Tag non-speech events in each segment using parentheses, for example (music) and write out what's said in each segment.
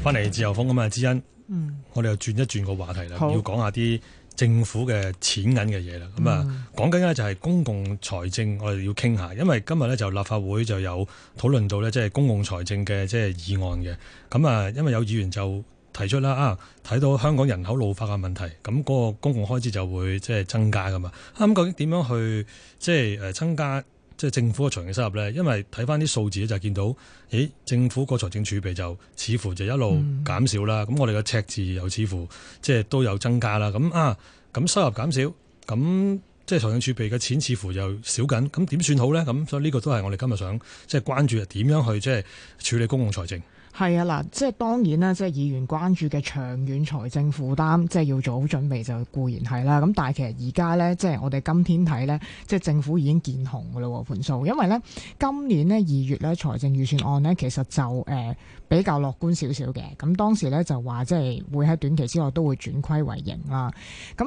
翻嚟自由風咁啊，之恩，嗯，我哋又轉一轉個話題啦，好要講下啲政府嘅錢銀嘅嘢啦。咁啊，講緊呢就係公共財政，我哋要傾下，因為今日咧就立法會就有討論到咧，即係公共財政嘅即係議案嘅。咁啊，因為有議員就提出啦，啊，睇到香港人口老化嘅問題，咁嗰個公共開支就會即係增加噶嘛。咁究竟點樣去即係誒增加？啊嗯即係政府嘅財政收入呢，因為睇翻啲數字就見到，咦？政府個財政儲備就似乎就一路減少啦。咁、嗯、我哋嘅赤字又似乎即係都有增加啦。咁啊，咁收入減少，咁即係財政儲備嘅錢似乎又少緊。咁點算好呢？咁所以呢個都係我哋今日想即係關注，點樣去即係處理公共財政。係啊，嗱，即係當然啦，即係議員關注嘅長遠財政負擔，即係要做好準備就固然係啦。咁但係其實而家呢，即係我哋今天睇呢，即係政府已經見紅㗎咯，盤數。因為呢，今年呢，二月呢，財政預算案呢，其實就誒比較樂觀少少嘅。咁當時呢，就話即係會喺短期之內都會轉虧為盈啦。咁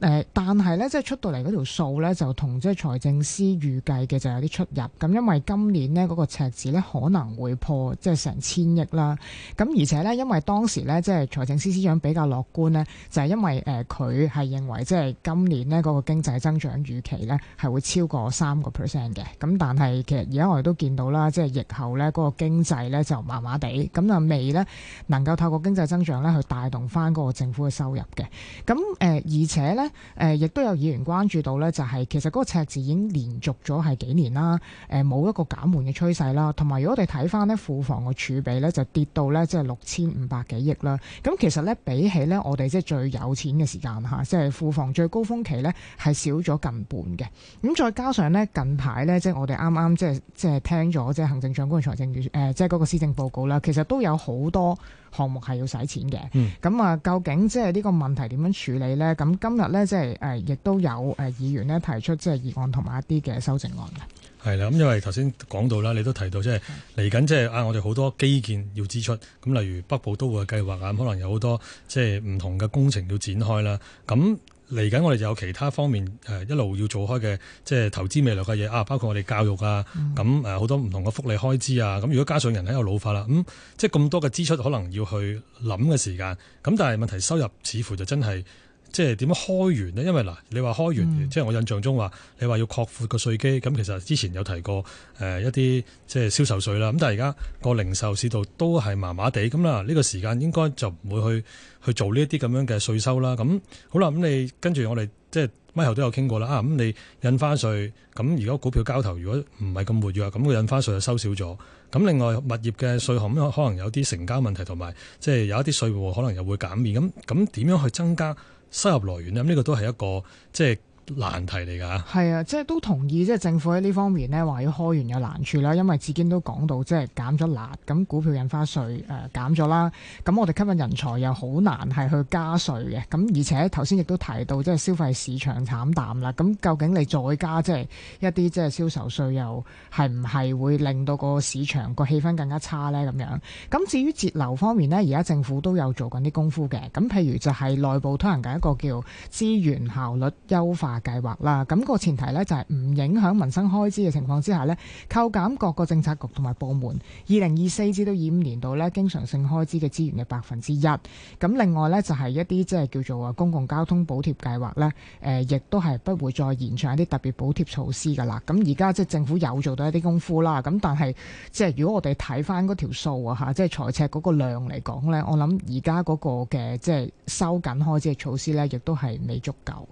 誒，但係咧，即係出到嚟嗰條數咧，就同即係財政司預計嘅就有啲出入。咁因為今年呢，嗰個赤字咧可能會破即係成千億啦。咁而且咧，因為當時咧即係財政司司長比較樂觀咧，就係因為誒佢係認為即係今年呢，嗰個經濟增長預期咧係會超過三個 percent 嘅。咁但係其實而家我哋都見到啦，即係疫後咧嗰個經濟咧就麻麻地，咁就未咧能夠透過經濟增長咧去帶動翻嗰個政府嘅收入嘅。咁誒，而且咧。誒、亦、呃、都有議員關注到咧，就係、是、其實嗰個赤字已經連續咗係幾年啦，誒、呃、冇一個減緩嘅趨勢啦。同埋，如果我哋睇翻咧庫房嘅儲備咧，就跌到咧即係六千五百幾億啦。咁其實咧，比起咧我哋即係最有錢嘅時間嚇，即係庫房最高峰期咧，係少咗近半嘅。咁再加上咧近排咧，即係我哋啱啱即係即係聽咗即係行政長官財政預誒、呃，即係嗰個施政報告啦，其實都有好多。項目係要使錢嘅，咁啊、嗯，究竟即係呢個問題點樣處理呢？咁今日呢，即係誒，亦都有誒議員呢提出即係議案同埋一啲嘅修正案嘅。係啦，咁因為頭先講到啦，你都提到即係嚟緊即係啊，我哋好多基建要支出，咁例如北部都會嘅計劃啊，可能有好多即係唔同嘅工程要展開啦，咁。嚟緊，我哋就有其他方面誒，一路要做開嘅，即係投資未來嘅嘢啊，包括我哋教育啊，咁誒好多唔同嘅福利開支啊，咁如果加上人喺度老化啦，咁、嗯、即係咁多嘅支出，可能要去諗嘅時間。咁但係問題，收入似乎就真係。即係點樣開源呢？因為嗱，你話開源，嗯、即係我印象中話，你話要擴闊個稅基，咁其實之前有提過誒一啲、呃、即係銷售稅啦。咁但係而家個零售市道都係麻麻地咁啦。呢個時間應該就唔會去去做呢一啲咁樣嘅稅收啦。咁好啦，咁你跟住我哋即係咪後都有傾過啦。啊，咁你印花稅咁，如果股票交投如果唔係咁活躍，咁個印花稅就收少咗。咁另外物業嘅稅項可能有啲成交問題同埋，即係有一啲稅務可能又會減免。咁咁點樣去增加？收入來源咧，呢、呢個都係一個即係，難題嚟㗎，係啊，即係都同意，即係政府喺呢方面咧話要開源有難處啦。因為至經都講到，即係減咗辣，咁股票印花稅誒減咗啦。咁我哋吸引人才又好難係去加稅嘅。咁而且頭先亦都提到，即係消費市場慘淡啦。咁究竟你再加即係一啲即係銷售稅又係唔係會令到個市場個氣氛更加差咧？咁樣，咁至於節流方面咧，而家政府都有做緊啲功夫嘅。咁譬如就係內部推行緊一個叫資源效率優化，計劃啦，咁個前提呢，就係唔影響民生開支嘅情況之下呢，扣減各個政策局同埋部門二零二四至到二五年度呢，經常性開支嘅資源嘅百分之一。咁另外呢，就係一啲即係叫做啊公共交通補貼計劃呢，誒、呃，亦都係不會再延長一啲特別補貼措施噶啦。咁而家即係政府有做到一啲功夫啦，咁但係即係如果我哋睇翻嗰條數啊，吓即係財赤嗰個量嚟講呢，我諗而家嗰個嘅即係收緊開支嘅措施呢，亦都係未足夠。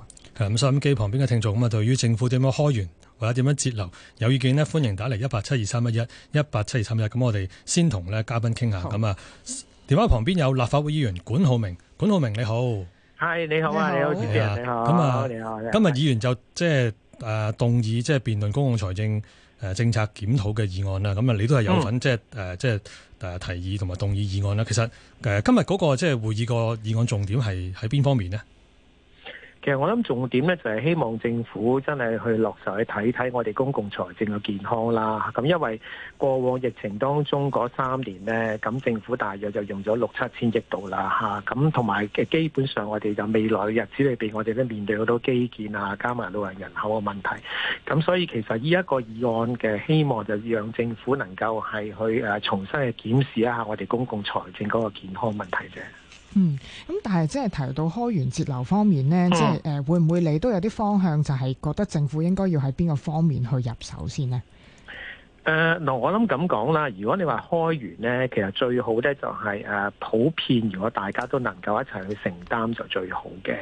收音機旁邊嘅聽眾咁啊，對於政府點樣開源或者點樣節流有意見呢，歡迎打嚟一八七二三一一一八七二三一。咁我哋先同呢嘉賓傾下。咁啊，電話旁邊有立法會議員管浩鳴，管浩鳴你好，係你好啊，你好、啊、你好，咁啊，今日議員就即係誒動議，即係辯論公共財政誒、啊、政策檢討嘅議案啦。咁、嗯就是、啊，你都係有份即係誒即係誒提議同埋動議議案啦。其實誒、啊、今日嗰個即係會議個議案重點係喺邊方面呢？其實我諗重點咧就係希望政府真係去落實去睇睇我哋公共財政嘅健康啦，咁因為過往疫情當中嗰三年咧，咁政府大約就用咗六七千億度啦嚇，咁同埋嘅基本上我哋就未來日子裏邊，我哋都面對好多基建啊，加埋老人人口嘅問題，咁所以其實呢一個議案嘅希望就讓政府能夠係去誒重新去檢視一下我哋公共財政嗰個健康問題啫。嗯，咁但係即係提到開源節流方面呢，嗯、即係誒、呃、會唔會你都有啲方向，就係覺得政府應該要喺邊個方面去入手先呢？誒，嗱，我諗咁講啦。如果你話開源呢，其實最好呢就係、是、誒、啊、普遍，如果大家都能夠一齊去承擔就最好嘅。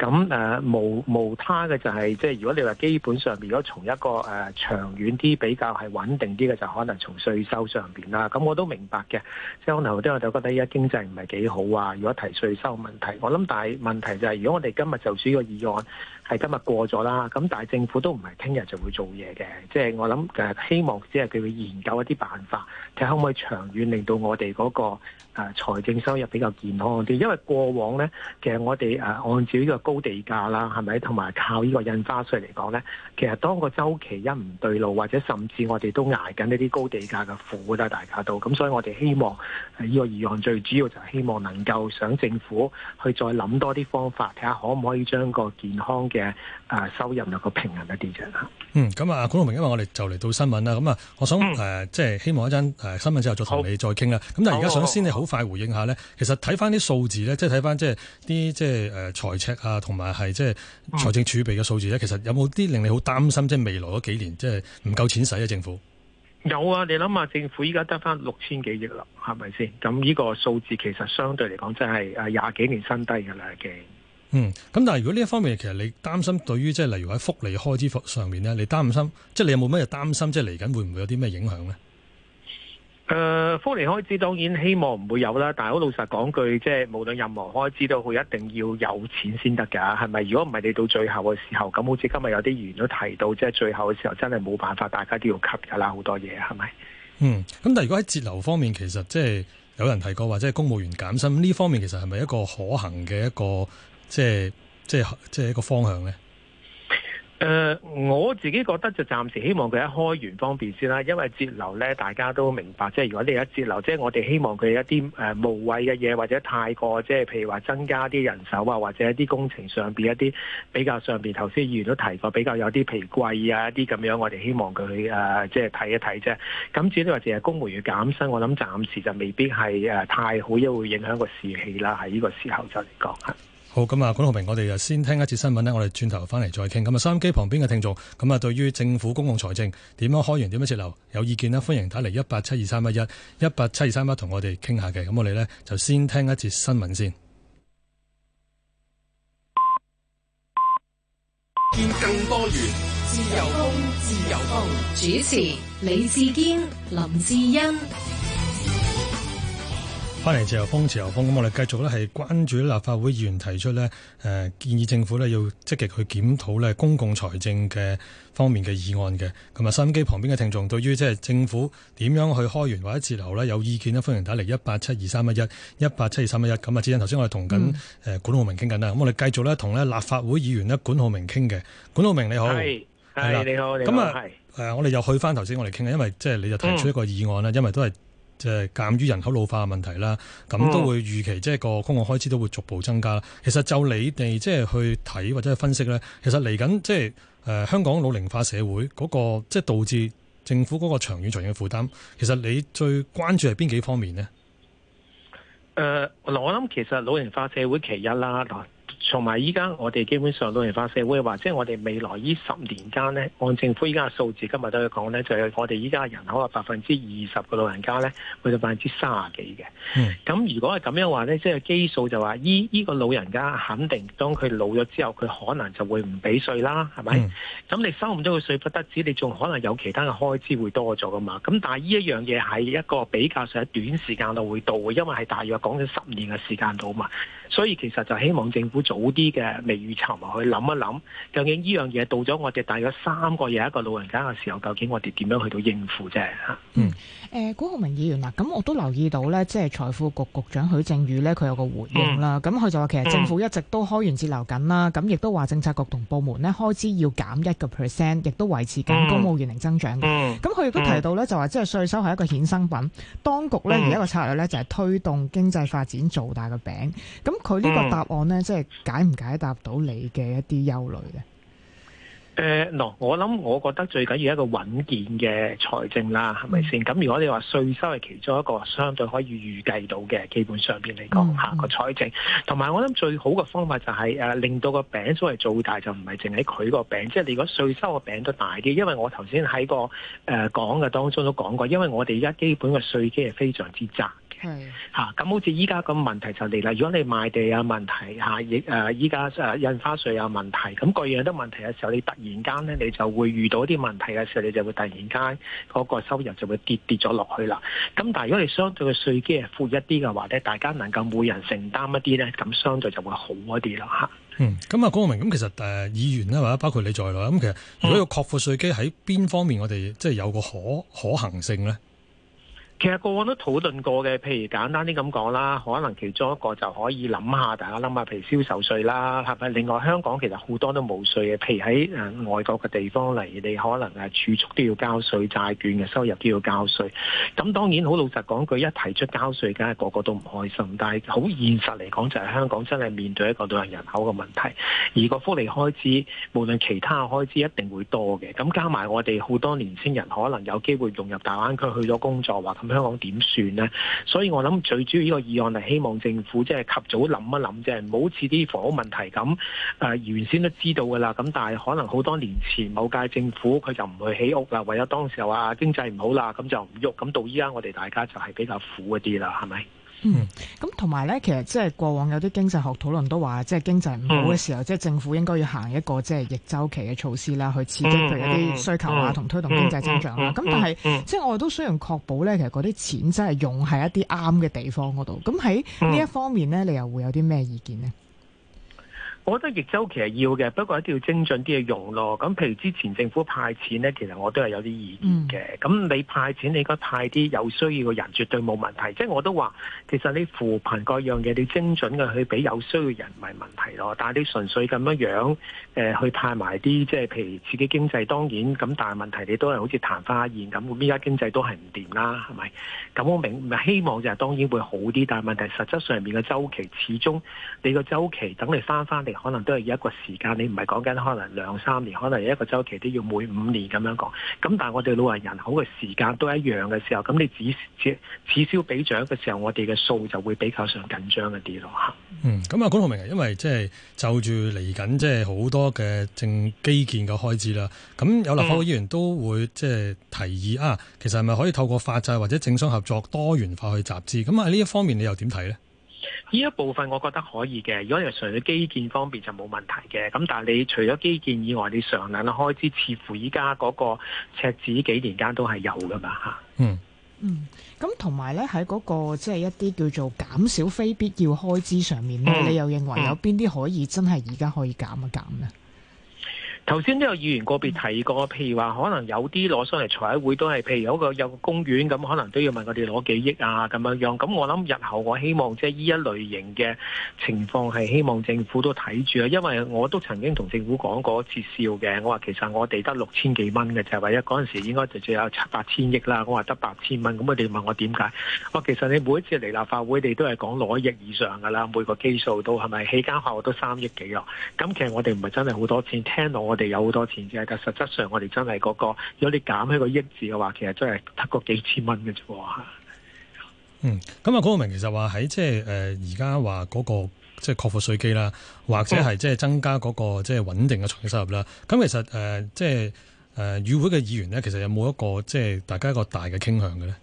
咁誒、嗯、無無他嘅就係、是，即係如果你話基本上，如果從一個誒、呃、長遠啲比較係穩定啲嘅，就可能從稅收上邊啦。咁我都明白嘅，即係可能有啲我就覺得依家經濟唔係幾好啊。如果提稅收問題，我諗但係問題就係、是，如果我哋今日就住個議案係今日過咗啦，咁但係政府都唔係聽日就會做嘢嘅。即係我諗其、呃、希望只係佢會研究一啲辦法，睇下可唔可以長遠令到我哋嗰、那個誒、呃、財政收入比較健康啲。因為過往咧，其實我哋誒、呃、按照呢、這個。高地價啦，係咪？同埋靠呢個印花稅嚟講咧，其實當個週期一唔對路，或者甚至我哋都捱緊呢啲高地價嘅苦啦，大家都咁，所以我哋希望呢、呢個議案最主要就係希望能夠想政府去再諗多啲方法，睇下可唔可以將個健康嘅誒收入有個平衡一啲啫、嗯。嗯，咁、嗯嗯、啊，管浩鳴，因為我哋就嚟到新聞啦，咁、嗯、啊，我、嗯、想誒，即、呃、係希望一陣誒新聞之後再同你好再傾啦。咁但係而家想先你好快回應下咧，其實睇返啲數字咧，即係睇返即係啲即係誒財赤啊。同埋係即係財政儲備嘅數字咧，嗯、其實有冇啲令你好擔心？即係未來嗰幾年，即係唔夠錢使啊！政府有啊，你諗下，政府依家得翻六千幾億啦，係咪先？咁呢個數字其實相對嚟講，真係誒廿幾年新低嘅啦，已經。嗯，咁但係如果呢一方面，其實你擔心對於即係例如喺福利開支上面咧，你擔心，即係你有冇咩擔心？即係嚟緊會唔會有啲咩影響咧？誒，福利、呃、開支當然希望唔會有啦，但係好老實講句，即係無論任何開支，都好，一定要有錢先得㗎，係咪？如果唔係，你到最後嘅時候，咁好似今日有啲議員都提到，即係最後嘅時候真係冇辦法，大家都要吸㗎啦，好多嘢係咪？嗯，咁但係如果喺節流方面，其實即係有人提過，或者係公務員減薪，呢方面其實係咪一個可行嘅一個即係即係即係一個方向呢？誒、呃、我自己覺得就暫時希望佢一開源方面先啦，因為節流咧，大家都明白，即係如果你一節流，即係我哋希望佢一啲誒、呃、無謂嘅嘢，或者太過即係譬如話增加啲人手啊，或者一啲工程上邊一啲比較上邊頭先議員都提過比較有啲疲貴啊，一啲咁樣，我哋希望佢誒、呃、即係睇一睇啫。咁至於話淨係公務員要減薪，我諗暫時就未必係誒太好，因、呃、為會影響個士氣啦。喺呢個時候就嚟講嚇。好咁啊，管浩鳴，我哋就先聽一節新聞咧，我哋轉頭翻嚟再傾。咁啊，收音機旁邊嘅聽眾，咁啊，對於政府公共財政點樣開源點樣節流有意見呢？歡迎打嚟一八七二三一一一八七二三一同我哋傾下嘅。咁我哋咧就先聽一節新聞先。見更多元，自由風，自由風，主持李志堅、林志恩。歡迎自由風，自由風。咁我哋繼續咧係關注立法會議員提出呢誒建議，政府呢要積極去檢討呢公共財政嘅方面嘅議案嘅。咁啊，收音機旁邊嘅聽眾，對於即係政府點樣去開源或者節流呢有意見呢，歡迎打嚟一八七二三一一一八七二三一一。咁啊，之恩，頭先我哋同緊誒管浩鳴傾緊啦。咁我哋繼續呢同呢立法會議員呢，管浩鳴傾嘅。管浩鳴你好，係，你好，你好。係，誒，我哋又去翻頭先我哋傾嘅，因為即係你就提出一個議案啦，嗯、因為都係。即係鑒於人口老化嘅問題啦，咁都會預期即係個公共開支都會逐步增加。其實就你哋即係去睇或者去分析咧，其實嚟緊即係誒香港老年化社會嗰、那個即係、就是、導致政府嗰個長遠長遠嘅負擔。其實你最關注係邊幾方面呢？誒，嗱，我諗其實老年化社會其一啦。同埋依家我哋基本上都係老年化社會嘅話，即係我哋未來呢十年間咧，按政府依家嘅數字，今日都要講咧，就係我哋依家人口嘅百分之二十嘅老人家咧，會到百分之三十幾嘅。咁、嗯、如果係咁樣話咧，即係基數就話，依呢個老人家肯定當佢老咗之後，佢可能就會唔俾稅啦，係咪？咁、嗯、你收唔到佢稅不得止，你仲可能有其他嘅開支會多咗噶嘛。咁但係呢一樣嘢係一個比較上喺短時間度會到嘅，因為係大約講緊十年嘅時間度啊嘛。所以其實就希望政府早啲嘅未雨綢繆去諗一諗，究竟呢樣嘢到咗我哋大約三個月一個老人家嘅時候，究竟我哋點樣去到應付啫？嗯，誒、呃，管浩鳴議員嗱，咁我都留意到呢，即係財富局局長許正宇呢，佢有個回應啦。咁佢、嗯、就話其實政府一直都開源節流緊啦，咁亦都話政策局同部門呢，開支要減一個 percent，亦都維持緊公務員零增長。咁佢亦都提到呢，嗯、就話即係稅收係一個衍生品，當局呢，而一個策略呢，就係推動經濟發展做大個餅。咁佢呢個答案呢，嗯、即係解唔解答到你嘅一啲憂慮呢？誒、嗱、呃，我諗，我覺得最緊要一個穩健嘅財政啦，係咪先？咁如果你話稅收係其中一個相對可以預計到嘅，基本上邊嚟講下個財政，同埋我諗最好嘅方法就係、是、誒、啊、令到個餅所謂做大，就唔係淨係佢個餅，即係你個稅收個餅都大啲。因為我頭先喺個誒、呃、講嘅當中都講過，因為我哋而家基本嘅稅基係非常之窄。係，吓，咁好似依家個問題就嚟啦。如果你賣地啊，問題，吓亦、誒依家誒印花稅有問題，咁各樣有得問題嘅時候，你突然間咧，你就會遇到啲問題嘅時候，你就會突然間嗰個收入就會跌跌咗落去啦。咁但係如果你相對嘅稅基係闊一啲嘅話咧，大家能夠每人承擔一啲咧，咁相對就會好一啲咯，吓。嗯，咁啊，管浩鳴，咁其實誒，議員咧或者包括你在內，咁其實如果要擴闊稅基喺邊方面，我哋即係有個可可行性咧？其實過往都討論過嘅，譬如簡單啲咁講啦，可能其中一個就可以諗下，大家諗下，譬如銷售稅啦，係咪？另外香港其實好多都冇稅嘅，譬如喺外國嘅地方嚟，你可能誒儲蓄都要交稅，債券嘅收入都要交稅。咁當然好老實講句，一提出交稅，梗係個個都唔開心。但係好現實嚟講，就係香港真係面對一個老人人口嘅問題，而個福利開支無論其他嘅開支一定會多嘅。咁加埋我哋好多年青人可能有機會融入大灣區去咗工作或香港點算呢？所以我諗最主要呢個議案係希望政府即係及早諗一諗即係，唔好似啲房屋問題咁誒、呃，原先都知道㗎啦。咁但係可能好多年前某屆政府佢就唔去起屋啦，為咗當時候啊經濟唔好啦，咁就唔喐。咁到依家我哋大家就係比較苦一啲啦，係咪？嗯，咁同埋咧，其實即係過往有啲經濟學討論都話，即係經濟唔好嘅時候，即係、嗯、政府應該要行一個即係逆周期嘅措施啦，去刺激佢一啲需求啊，同推動經濟增長啦。咁、嗯嗯嗯嗯、但係即係我哋都需要確保咧，其實嗰啲錢真係用喺一啲啱嘅地方嗰度。咁喺呢一方面咧，你又會有啲咩意見呢？我覺得逆周期係要嘅，不過一定要精準啲去用咯。咁譬如之前政府派錢咧，其實我都係有啲意見嘅。咁、嗯、你派錢，你應該派啲有需要嘅人，絕對冇問題。即係我都話，其實你扶貧各樣嘢，你精準嘅去俾有需要嘅人，咪係問題咯。但係你純粹咁樣樣，誒、呃、去派埋啲，即係譬如自己經濟當然咁，但係問題你都係好似曇花現咁。而家經濟都係唔掂啦，係咪？咁我明，希望就係、是、當然會好啲，但係問題實質上面嘅周期，始終你個周期等你翻翻嚟。可能都係一個時間，你唔係講緊可能兩三年，可能一個週期都要每五年咁樣講。咁但係我哋老人人口嘅時間都一樣嘅時候，咁你只只此消彼長嘅時候，我哋嘅數就會比較上緊張一啲咯嚇。嗯，咁、嗯、啊，管浩鳴啊，因為即係就住嚟緊，即係好多嘅政基建嘅開支啦。咁、嗯、有立法會議員都會即係、嗯、提議啊，其實係咪可以透過法制或者政商合作多元化去集資？咁喺呢一方面，你又點睇呢？呢一部分我覺得可以嘅，如果係純粹基建方面就冇問題嘅。咁但係你除咗基建以外，你常量嘅開支，似乎依家嗰個赤字幾年間都係有噶嘛嚇。嗯嗯，咁同埋咧喺嗰個即係一啲叫做減少非必要開支上面咧，嗯、你又認為有邊啲可以真係而家可以減一減咧？頭先都有議員個別提過，譬如話可能有啲攞上嚟財委會都係，譬如有個有個公園咁，可能都要問我哋攞幾億啊咁樣樣。咁我諗日後我希望即係呢一類型嘅情況係希望政府都睇住啊，因為我都曾經同政府講過一次笑嘅，我話其實我哋得六千幾蚊嘅就係話一嗰陣時應該最少有七八千億啦。我話得八千蚊，咁佢哋問我點解？我話其實你每一次嚟立法會，你都係講攞億以上㗎啦，每個基數都係咪起間學校都三億幾啊？咁其實我哋唔係真係好多錢，聽到我哋有好多錢嘅，嗯那個、實質上我哋真係嗰個，如果你減起個億字嘅話，其實真係得個幾千蚊嘅啫嗯，咁啊，浩鳴其實話喺即係誒而家話嗰個即係擴闊稅基啦，或者係即係增加嗰、那個即係、就是、穩定嘅財政收入啦。咁、嗯、其實誒即係誒議會嘅議員呢，其實有冇一個即係、就是、大家一個大嘅傾向嘅咧？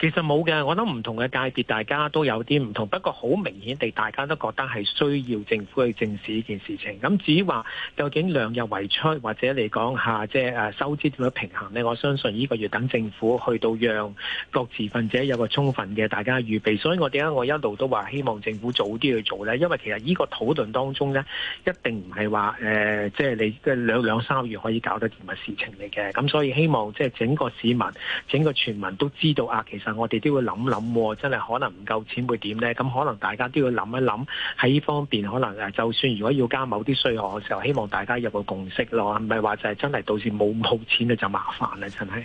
其實冇嘅，我諗唔同嘅界別，大家都有啲唔同。不過好明顯地，大家都覺得係需要政府去正視呢件事情。咁至於話究竟量入為出，或者嚟講下即係誒收支點樣平衡呢？我相信呢個要等政府去到讓各持份者有個充分嘅大家預備。所以我點解我一路都話希望政府早啲去做呢，因為其實呢個討論當中呢，一定唔係話誒即係你兩兩三個月可以搞得掂嘅事情嚟嘅。咁所以希望即係整個市民、整個全民都知道啊，其實。我哋都要諗諗，真係可能唔夠錢會點呢？咁可能大家都要諗一諗喺呢方面，可能誒，就算如果要加某啲稅項嘅時候，希望大家有個共識咯，係咪話就係真係到時冇冇錢咧就麻煩啦，真係。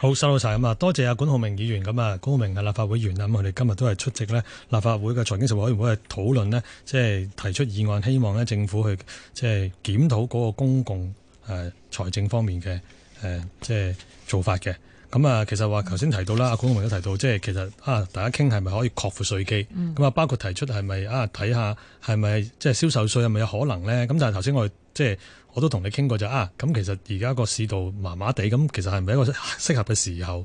好，收晒咁啊，多謝阿管浩鳴議員咁啊，管浩鳴嘅立法會議員啊，咁我哋今日都係出席呢立法會嘅財經事務委員會，係討論咧，即係提出議案，希望呢政府去即係檢討嗰個公共誒財政方面嘅誒即係做法嘅。咁啊，其實話頭先提到啦，嗯、阿管浩鳴都提到，即係其實啊，大家傾係咪可以擴闊稅基，咁啊、嗯、包括提出係咪啊睇下係咪即係銷售稅係咪有可能咧？咁但係頭先我哋即係。我都同你傾過就啊，咁其實而家個市道麻麻地，咁其實係唔係一個適合嘅時候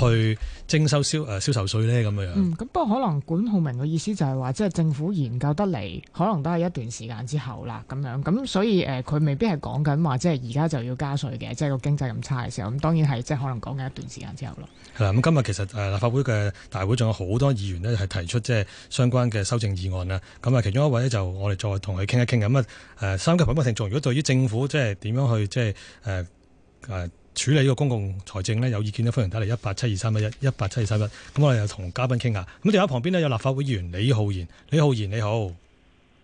去徵收銷誒銷售稅咧？咁樣樣咁不過可能管浩鳴嘅意思就係話，即係政府研究得嚟，可能都係一段時間之後啦，咁樣咁所以誒，佢、呃、未必係講緊話，即係而家就要加稅嘅，即係個經濟咁差嘅時候，咁當然係即係可能講緊一段時間之後咯。係啦，咁、嗯、今日其實誒立法會嘅大會仲有好多議員呢，係提出即係相關嘅修正議案啊，咁、嗯、啊其中一位呢，就我哋再同佢傾一傾咁啊誒三級品判庭仲如果對於政政府即係點樣去即係誒誒處理呢個公共財政咧？有意見咧，歡迎打嚟，一八七二三一一一八七二三一。咁我哋又同嘉賓傾下。咁電話旁邊咧有立法會議員李浩然，李浩然你好。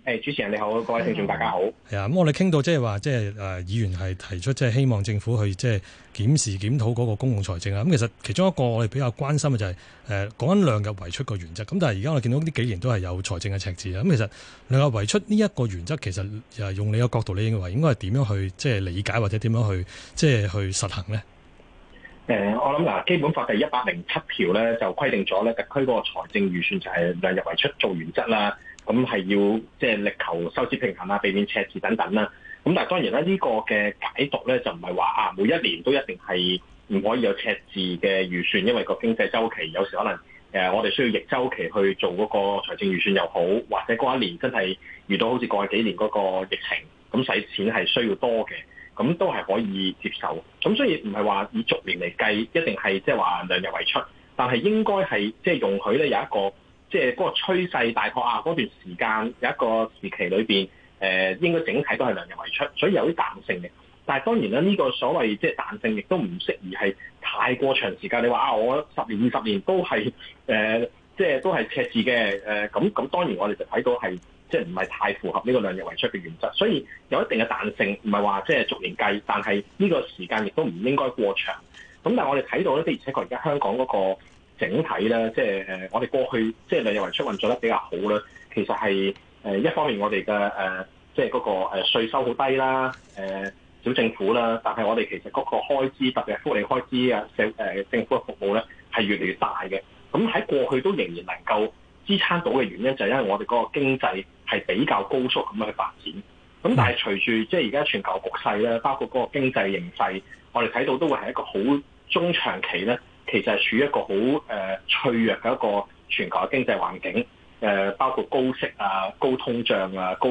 誒，主持人你好，各位聽眾大家好。係啊，咁 (music) 我哋傾到即係話，即係誒，議員係提出即係希望政府去即係檢視檢討嗰個公共財政啊。咁其實其中一個我哋比較關心嘅就係、是、誒，講緊量入為出個原則。咁但係而家我哋見到呢幾年都係有財政嘅赤字啊。咁其實量入為出呢一個原則，其實誒用你嘅角度，你認為應該係點樣去即係理解或者點樣去即係去實行呢？誒、呃，我諗嗱，基本法第一百零七條咧就規定咗咧，特區嗰個財政預算就係量入為出做原則啦。咁係要即係力求收支平衡啊，避免赤字等等啦、啊。咁但係當然咧，呢、呢個嘅解讀咧就唔係話啊，每一年都一定係唔可以有赤字嘅預算，因為個經濟周期有時可能誒，我哋需要逆周期去做嗰個財政預算又好，或者嗰一年真係遇到好似過去幾年嗰個疫情，咁使錢係需要多嘅，咁都係可以接受。咁所以唔係話以逐年嚟計，一定係即係話量入為出，但係應該係即係容許咧有一個。即係嗰個趨勢大概啊，嗰段時間有一個時期裏邊，誒、呃、應該整體都係量入為出，所以有啲彈性嘅。但係當然啦，呢、這個所謂即係彈性，亦都唔適宜係太過長時間。你話啊，我十年二十年都係誒，即、呃、係、就是、都係赤字嘅誒，咁、呃、咁當然我哋就睇到係即係唔係太符合呢個量入為出嘅原則，所以有一定嘅彈性，唔係話即係逐年計，但係呢個時間亦都唔應該過長。咁但係我哋睇到咧，即而且確而家香港嗰、那個。整體咧，即係誒，我哋過去即係兩日運出運做得比較好啦，其實係誒一方面我哋嘅誒，即係嗰個誒稅收好低啦，誒、呃、小政府啦，但係我哋其實嗰個開支特別係福利開支啊，社誒政府嘅服務咧係越嚟越大嘅。咁喺過去都仍然能夠支撐到嘅原因，就係因為我哋嗰個經濟係比較高速咁去發展。咁但係隨住即係而家全球局勢咧，包括嗰個經濟形勢，我哋睇到都會係一個好中長期咧。其實係處於一個好誒脆弱嘅一個全球嘅經濟環境，誒包括高息啊、高通脹啊、高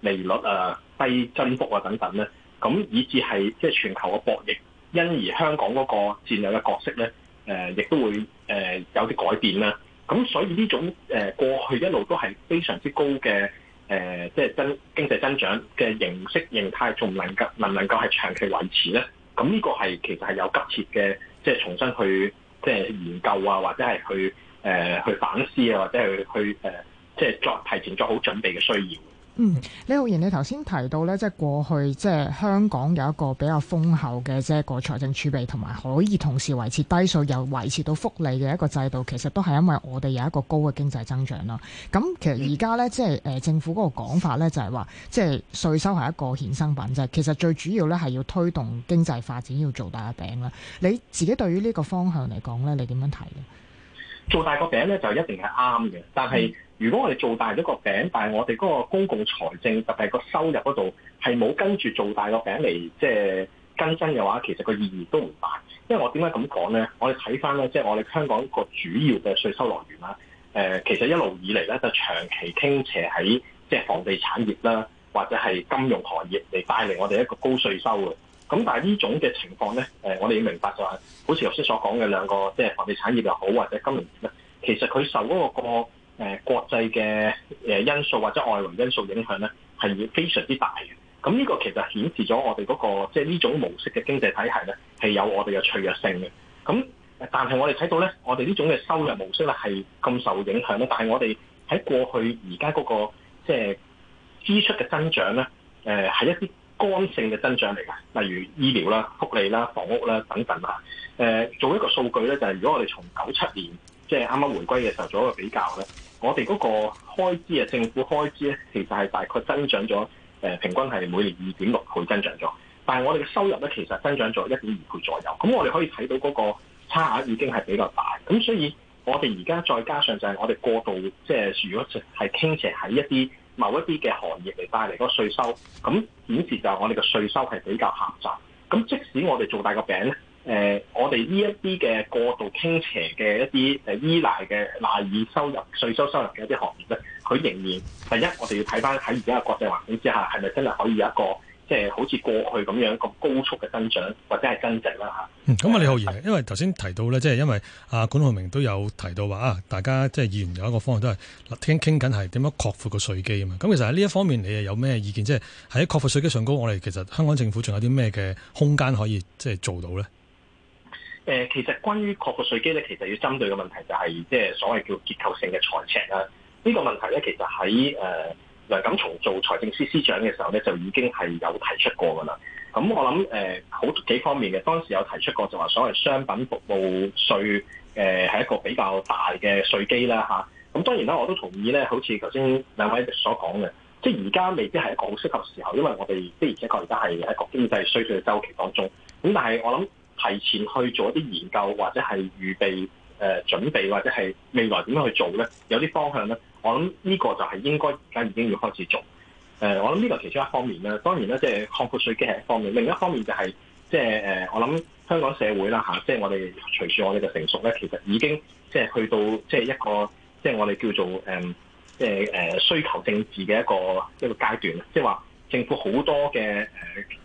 利率啊、低增幅啊等等咧，咁以至係即係全球嘅博弈，因而香港嗰個戰略嘅角色咧，誒亦都會誒有啲改變啦。咁所以呢種誒過去一路都係非常之高嘅誒，即係增經濟增長嘅形式形態，仲唔能夠能唔能夠係長期維持咧？咁呢個係其實係有急切嘅。即係重新去即係研究啊，或者係去誒、呃、去反思啊，或者係去誒、呃、即係作提前做好準備嘅需要。嗯，李浩然，你頭先提到咧，即係過去即係香港有一個比較豐厚嘅即係個財政儲備，同埋可以同時維持低稅又維持到福利嘅一個制度，其實都係因為我哋有一個高嘅經濟增長啦。咁其實而家咧，即係誒政府嗰個講法咧，就係話，即係稅收係一個衍生品即啫。即係其實最主要咧係要推動經濟發展，要做大嘅餅啦。你自己對於呢個方向嚟講咧，你點樣睇嘅？做大個餅咧就一定係啱嘅，但係如果我哋做大咗個餅，但係我哋嗰個公共財政特別係個收入嗰度係冇跟住做大個餅嚟即係更增嘅話，其實個意義都唔大。因為我點解咁講咧？我哋睇翻咧，即係我哋香港個主要嘅稅收來源啦。誒，其實一路以嚟咧就長期傾斜喺即係房地產業啦，或者係金融行業嚟帶嚟我哋一個高稅收嘅。咁但係呢種嘅情況咧，誒，我哋要明白就係，好似頭先所講嘅兩個，即係房地產業又好或者金融業咧，其實佢受嗰個誒國際嘅誒因素或者外圍因素影響咧，係非常之大嘅。咁呢個其實顯示咗我哋嗰個即係呢種模式嘅經濟體系咧，係有我哋嘅脆弱性嘅。咁但係我哋睇到咧，我哋呢種嘅收入模式咧係咁受影響咧，但係我哋喺過去而家嗰個即係支出嘅增長咧，誒，係一啲。剛性嘅增長嚟㗎，例如醫療啦、福利啦、房屋啦等等嚇。誒、呃，做一個數據咧，就係、是、如果我哋從九七年即係啱啱回歸嘅時候做一個比較咧，我哋嗰個開支啊，政府開支咧，其實係大概增長咗誒、呃，平均係每年二點六倍增長咗。但係我哋嘅收入咧，其實增長咗一點二倍左右。咁我哋可以睇到嗰個差額已經係比較大。咁所以我哋而家再加上就係我哋過度即係、就是、如果係傾斜喺一啲，某一啲嘅行業嚟帶嚟個稅收，咁顯示就係我哋嘅稅收係比較狹窄。咁即使我哋做大個餅咧，誒、呃，我哋呢一啲嘅過度傾斜嘅一啲誒依賴嘅賴以收入、稅收收入嘅一啲行業咧，佢仍然第一，我哋要睇返喺而家嘅國際環境之下，係咪真係可以有一個？即係好似過去咁樣一個高速嘅增長或者係增值啦嚇。咁啊、嗯，李浩然，因為頭先提到咧，即係、呃、因為阿管浩鳴都有提到話啊，大家即係議員有一個方案都係聽傾緊係點樣擴闊個稅基啊嘛。咁其實喺呢一方面，你又有咩意見？即係喺擴闊稅基上高，我哋其實香港政府仲有啲咩嘅空間可以即係做到咧？誒、呃，其實關於擴闊稅基咧，其實要針對嘅問題就係、是、即係所謂叫結構性嘅財赤啊。呢、這個問題咧，其實喺誒。呃梁錦松做財政司司長嘅時候咧，就已經係有提出過噶啦。咁、嗯、我諗誒好幾方面嘅，當時有提出過就話所謂商品服務稅誒係一個比較大嘅稅基啦嚇。咁、啊嗯、當然啦，我都同意咧，好似頭先兩位所講嘅，即係而家未必係一個好適合時候，因為我哋即係而且確而家係一個經濟衰退嘅周期當中。咁、嗯、但係我諗提前去做一啲研究或者係預備誒、呃、準備或者係未來點樣去做咧，有啲方向咧。我諗呢個就係應該而家已經要開始做，誒、呃，我諗呢個其中一方面啦。當然啦，即係擴闊稅基係一方面，另一方面就係即係誒，我諗香港社會啦吓，即係我哋隨住我哋嘅成熟咧，其實已經即係去到即係一個即係我哋叫做誒，即係誒需求政治嘅一個一個階段，即係話政府好多嘅誒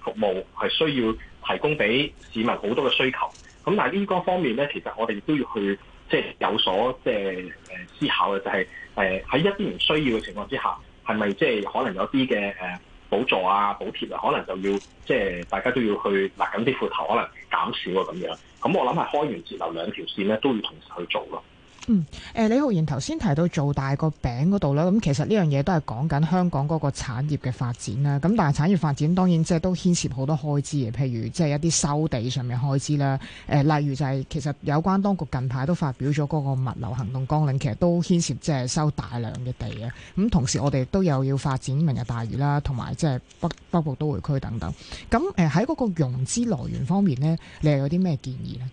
服務係需要提供俾市民好多嘅需求。咁但係呢個方面咧，其實我哋亦都要去。即係有所即係誒思考嘅，就係誒喺一啲唔需要嘅情況之下，係咪即係可能有啲嘅誒補助啊、補貼啊，可能就要即係大家都要去勒緊啲褲頭，可能減少啊咁樣。咁我諗係開源節流兩條線咧，都要同時去做咯。嗯，誒，李浩然頭先提到做大個餅嗰度啦。咁其實呢樣嘢都係講緊香港嗰個產業嘅發展啦。咁但係產業發展當然即係都牽涉好多開支嘅，譬如即係一啲收地上面開支啦。誒、呃，例如就係其實有關當局近排都發表咗嗰個物流行動綱領，其實都牽涉即係收大量嘅地啊。咁同時我哋都有要發展明日大嶼啦，同埋即係北北部都會區等等。咁誒喺嗰個融資來源方面呢，你又有啲咩建議呢？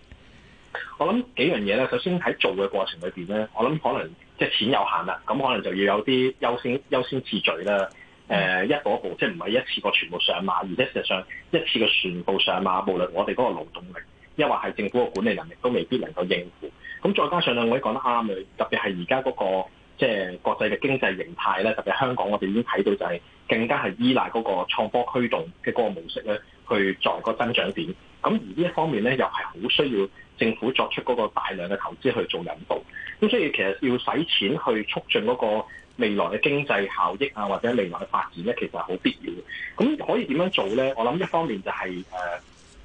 我諗幾樣嘢咧，首先喺做嘅過程裏邊咧，我諗可能即係、就是、錢有限啦，咁可能就要有啲優先優先次序啦。誒、呃，一步一步即係唔係一次過全部上馬，而且事實上一次過全部上馬，無論我哋嗰個勞動力，抑或係政府嘅管理能力，都未必能夠應付。咁再加上咧，兩位講得啱嘅，特別係而家嗰個即係、就是、國際嘅經濟形態咧，特別香港我哋已經睇到就係更加係依賴嗰個創科驅動嘅嗰個模式咧，去作為個增長點。咁而呢一方面咧，又係好需要政府作出嗰個大量嘅投資去做引導。咁所以其實要使錢去促進嗰個未來嘅經濟效益啊，或者未來嘅發展咧、啊，其實係好必要嘅。咁可以點樣做咧？我諗一方面就係誒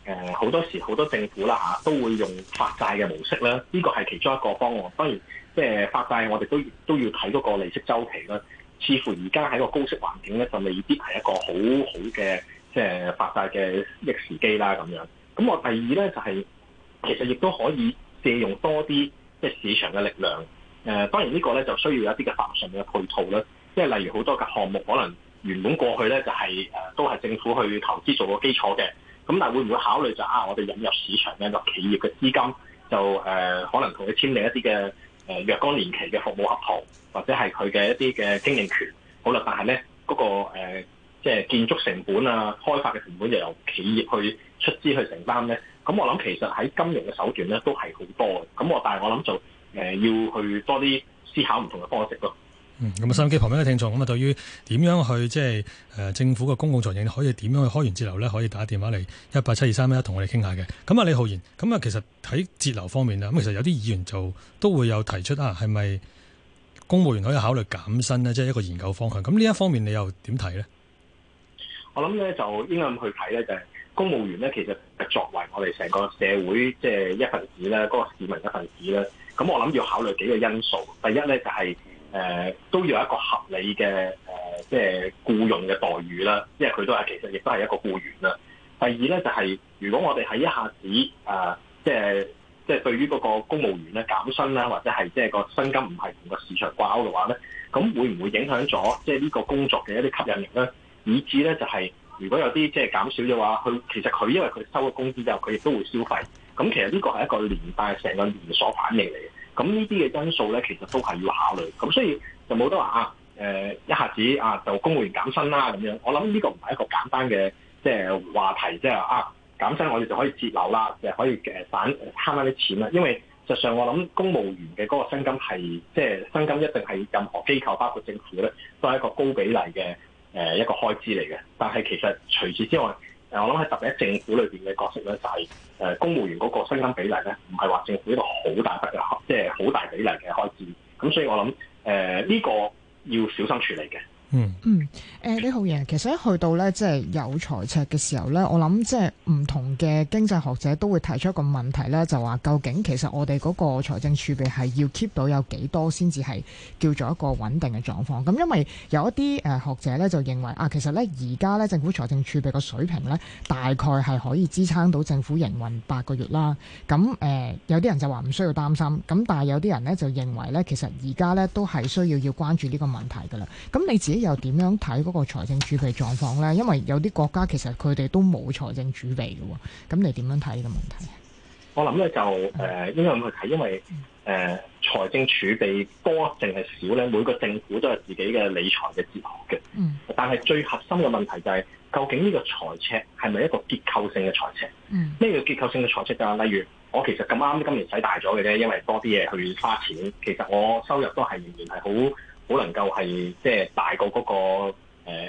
誒好多時好多政府啦嚇都會用發債嘅模式啦，呢個係其中一個方案。當然即係發債，我哋都都要睇嗰個利息周期啦。似乎而家喺個高息環境咧，就未必係一個好好嘅即係發債嘅逆時機啦咁樣。咁我第二咧就係，其實亦都可以借用多啲即係市場嘅力量。誒，當然呢個咧就需要有一啲嘅法律上面嘅配套啦。即係例如好多嘅項目可能原本過去咧就係誒都係政府去投資做個基礎嘅。咁但係會唔會考慮就啊，我哋引入市場咧就企業嘅資金，就誒可能同佢簽訂一啲嘅誒若干年期嘅服務合同，或者係佢嘅一啲嘅經營權。好啦，但係咧嗰個即係、呃就是、建築成本啊、開發嘅成本就由企業去出資去承擔咧，咁我諗其實喺金融嘅手段咧都係好多嘅。咁我但係我諗就誒、呃、要去多啲思考唔同嘅方式咯。嗯，咁、嗯、啊，收音機旁邊嘅聽眾，咁、嗯、啊，對於點樣去即係誒政府嘅公共財政可以點樣去開源節流咧，可以打電話嚟一八七二三一，同我哋傾下嘅。咁啊，李浩然，咁、嗯、啊，其實喺節流方面咧，咁、嗯、其實有啲議員就都會有提出啊，係咪公務員可以考慮減薪呢？即、就、係、是、一個研究方向。咁呢一方面你又點睇咧？我諗咧就應該咁去睇咧，就係、是。公務員咧，其實作為我哋成個社會即係、就是、一份子咧，嗰、那個市民一份子咧，咁我諗要考慮幾個因素。第一咧，就係、是、誒、呃、都要有一個合理嘅誒即係僱用嘅待遇啦，因為佢都係其實亦都係一個僱員啦。第二咧，就係、是、如果我哋喺一下子誒即係即係對於嗰個公務員咧減薪啦，或者係即係個薪金唔係同個市場掛鈎嘅話咧，咁會唔會影響咗即係呢個工作嘅一啲吸引力咧？以至咧就係、是。如果有啲即係減少嘅話，佢其實佢因為佢收咗工資之後，佢亦都會消費。咁其實呢個係一個連帶成個連鎖反應嚟嘅。咁呢啲嘅因素咧，其實都係要考慮。咁所以就冇得話啊，誒、呃、一下子啊就公務員減薪啦咁樣。我諗呢個唔係一個簡單嘅即係話題，即係啊減薪我哋就可以節流啦，就可以誒省慳翻啲錢啦。因為實上我諗公務員嘅嗰個薪金係即係薪金一定係任何機構包括政府咧都係一個高比例嘅。誒一個開支嚟嘅，但係其實除此之外，誒我諗喺特別喺政府裏邊嘅角色咧，就係誒公務員嗰個薪金比例咧，唔係話政府一個好大筆嘅，即係好大比例嘅開支，咁所以我諗誒呢個要小心處理嘅。嗯嗯，誒、呃，李浩然，其實一去到咧，即係有財赤嘅時候咧，我諗即係唔同嘅經濟學者都會提出一個問題咧，就話究竟其實我哋嗰個財政儲備係要 keep 到有幾多先至係叫做一個穩定嘅狀況？咁、嗯、因為有一啲誒、呃、學者咧就認為啊，其實咧而家咧政府財政儲備嘅水平咧，大概係可以支撐到政府營運八個月啦。咁誒、呃，有啲人就話唔需要擔心，咁但係有啲人咧就認為咧，其實而家咧都係需要要關注呢個問題噶啦。咁你自又點樣睇嗰個財政儲備狀況咧？因為有啲國家其實佢哋都冇財政儲備嘅，咁你點樣睇呢個問題？我諗咧就誒、呃，應該咁去睇？嗯、因為誒，財、呃、政儲備多定係少咧？每個政府都有自己嘅理財嘅哲學嘅。嗯。但係最核心嘅問題就係、是，究竟呢個財赤係咪一個結構性嘅財赤？嗯。咩叫結構性嘅財赤啊？例如，我其實咁啱今年使大咗嘅啫，因為多啲嘢去花錢，其實我收入都係仍然係好。好能夠係即係大過嗰、那個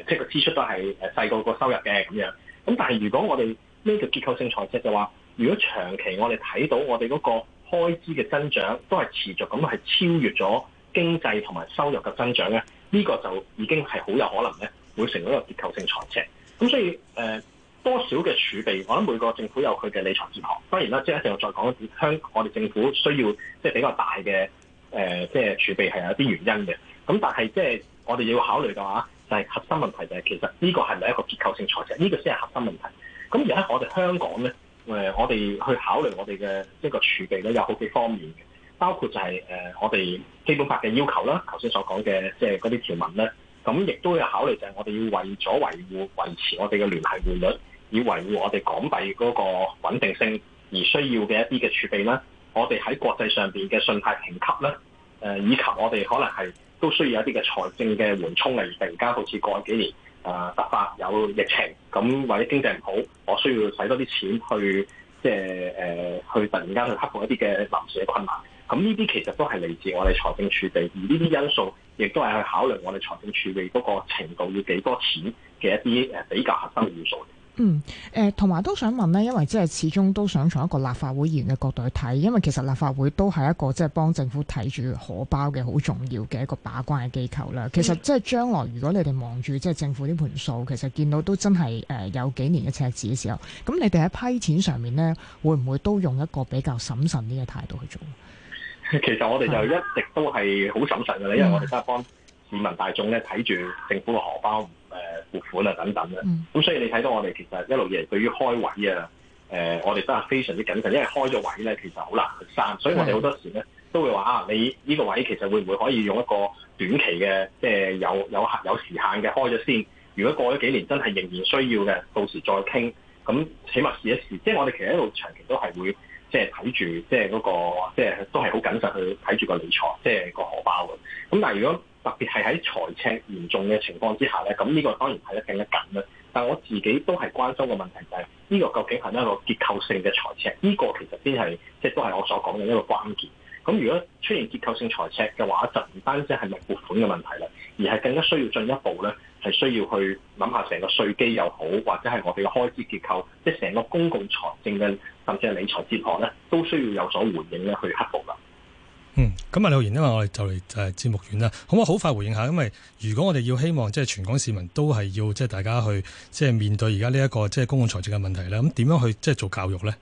即係個支出都係誒細過個收入嘅咁樣。咁但係如果我哋呢個結構性財赤嘅話，如果長期我哋睇到我哋嗰個開支嘅增長都係持續咁係超越咗經濟同埋收入嘅增長咧，呢、這個就已經係好有可能咧會成為一個結構性財赤。咁所以誒、呃、多少嘅儲備，我諗每個政府有佢嘅理財哲學。當然啦，即係一定要再講一次，香港我哋政府需要即係比較大嘅誒，即、呃、係、就是、儲備係有啲原因嘅。咁但係即係我哋要考慮嘅話，就係核心問題就係其實呢個係咪一個結構性財政？呢個先係核心問題。咁而喺我哋香港咧，誒我哋去考慮我哋嘅一個儲備咧，有好幾方面嘅，包括就係誒我哋基本法嘅要求啦，頭先所講嘅即係嗰啲條文咧。咁亦都有考慮就係我哋要為咗維護維持我哋嘅聯繫匯率，以維護我哋港幣嗰個穩定性而需要嘅一啲嘅儲備啦。我哋喺國際上邊嘅信貸評級啦，誒以及我哋可能係，都需要一啲嘅財政嘅緩衝嚟，突然間好似過去幾年，誒突發有疫情，咁或者經濟唔好，我需要使多啲錢去，即係誒去突然間去克服一啲嘅臨時嘅困難，咁呢啲其實都係嚟自我哋財政儲備，而呢啲因素亦都係去考慮我哋財政儲備嗰個程度要幾多錢嘅一啲誒比較核心嘅要素。嗯，誒，同埋都想問咧，因為即係始終都想從一個立法會議員嘅角度去睇，因為其實立法會都係一個即係幫政府睇住荷包嘅好重要嘅一個把關嘅機構啦。其實即係將來如果你哋望住即係政府呢盤數，其實見到都真係誒有幾年嘅赤字嘅時候，咁你哋喺批錢上面呢，會唔會都用一個比較審慎啲嘅態度去做？其實我哋就一直都係好審慎嘅，因為我哋都係幫市民大眾咧睇住政府嘅荷包。誒撥款啊等等咧，咁、嗯、所以你睇到我哋其實一路以來對於開位啊，誒、呃、我哋都係非常之謹慎，因為開咗位咧其實好難去刪，所以我哋好多時咧都會話啊，你呢個位其實會唔會可以用一個短期嘅，即係有有限有時限嘅開咗先，如果過咗幾年真係仍然需要嘅，到時再傾，咁起碼試一試。即係我哋其實一路長期都係會即係睇住，即係嗰、那個即係都係好謹慎去睇住個理財，即係個荷包嘅。咁但係如果，特別係喺財赤嚴重嘅情況之下咧，咁呢個當然係咧更加緊啦。但係我自己都係關心嘅問題就係呢個究竟係一個結構性嘅財赤，呢個其實先係即係都係我所講嘅一個關鍵。咁如果出現結構性財赤嘅話，就唔單止係咪撥款嘅問題啦，而係更加需要進一步咧係需要去諗下成個稅基又好，或者係我哋嘅開支結構，即係成個公共財政嘅甚至係理財哲學咧，都需要有所回應咧去克服啦。嗯，咁啊，李浩然，因為我哋就嚟誒節目完啦，可唔可以好，好快回應下？因為如果我哋要希望即係全港市民都係要即係大家去即係面對而家呢一個即係公共財政嘅問題咧，咁點樣去即係做教育咧？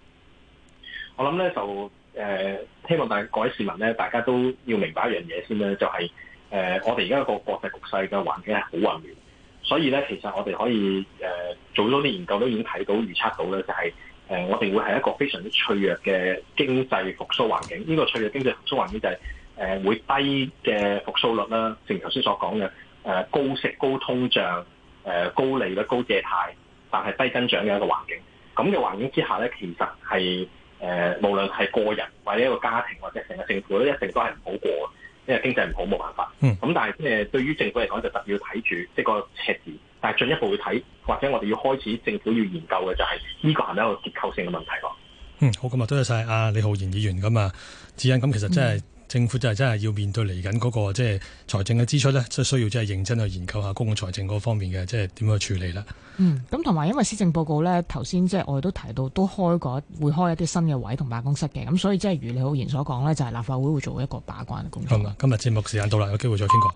我諗咧就誒、呃，希望大家各位市民咧，大家都要明白一樣嘢先咧，就係、是、誒、呃，我哋而家個國際局勢嘅環境係好混亂，所以咧其實我哋可以誒做多啲研究，都已經睇到預測到咧，就係、是。誒，我哋會係一個非常之脆弱嘅經濟復甦環境。呢個脆弱經濟復甦環境就係誒會低嘅復甦率啦，正如頭先所講嘅誒高息、高通脹、誒高利率、高借貸，但係低增長嘅一個環境。咁嘅環境之下咧，其實係誒無論係個人或者一個家庭或者成個政府都一定都係唔好過，因為經濟唔好，冇辦法。嗯。咁但係即係對於政府嚟講就特別要睇住即係個赤字。但係進一步去睇，或者我哋要開始政府要研究嘅就係呢個係咪一個結構性嘅問題咯？嗯，好咁啊，多謝晒阿李浩然議員咁啊，智恩咁其實真係、嗯、政府真係真係要面對嚟緊嗰個即係、就是、財政嘅支出咧，即係需要真係認真去研究下公共財政嗰方面嘅即係點樣去處理啦。嗯，咁同埋因為施政報告咧，頭先即係我哋都提到都開過會開一啲新嘅位同辦公室嘅，咁所以即係如李浩然所講咧，就係、是、立法會會做一個把關嘅工作。好嘛、嗯，今日節目時間到啦，有機會再傾過。